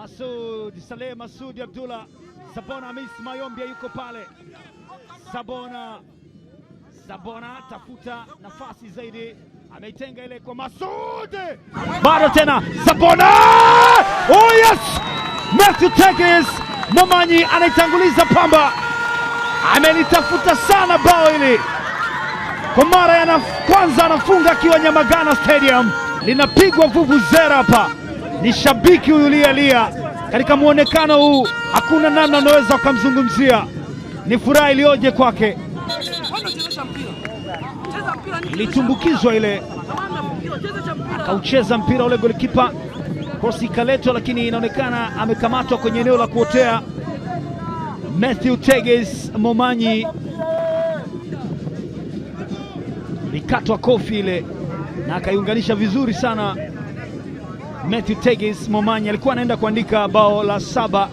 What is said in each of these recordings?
Masud Saleh Masud Abdullah Sabona Miss Mayombia yuko pale. Sabona Sabona tafuta nafasi zaidi, ameitenga ile kwa Masud, bado tena Sabona. Oh yes, Matthew Tegis Momanyi anaitanguliza Pamba, amelitafuta sana bao hili kwa mara ya kwanza, anafunga akiwa Nyamagana Stadium, linapigwa vuvuzera hapa ni shabiki huyu Lia Lia. Katika mwonekano huu hakuna namna anaweza ukamzungumzia, ni furaha iliyoje kwake. Ilitumbukizwa ile, akaucheza mpira ule golikipa, krosi ikaletwa, lakini inaonekana amekamatwa kwenye eneo la kuotea. Matthew Teges Momanyi likatwa kofi ile na akaiunganisha vizuri sana. Matthew Tegis Momanyi alikuwa anaenda kuandika bao la saba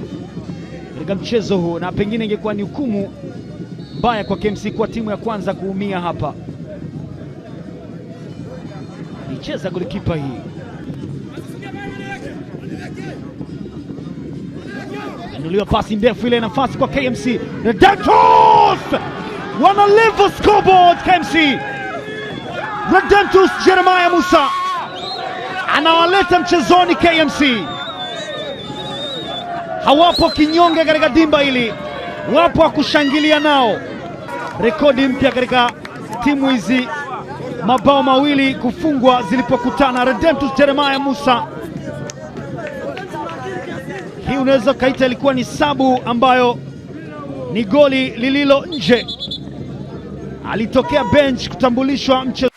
katika mchezo huu, na pengine ingekuwa ni hukumu mbaya kwa KMC kuwa timu ya kwanza kuumia hapa. Alicheza golikipa hii Anuliwa pasi ndefu ile, nafasi kwa KMC na Redemptus wanaleva scoreboard. KMC Redemptus Jeremiah Musa anawaleta mchezoni KMC. Hawapo kinyonge katika dimba hili, wapo wa kushangilia nao. Rekodi mpya katika timu hizi, mabao mawili kufungwa zilipokutana. Redemptus Jeremiah Musa, hii unaweza ukaita ilikuwa ni sabu ambayo ni goli lililo nje. Alitokea bench kutambulishwa mchezo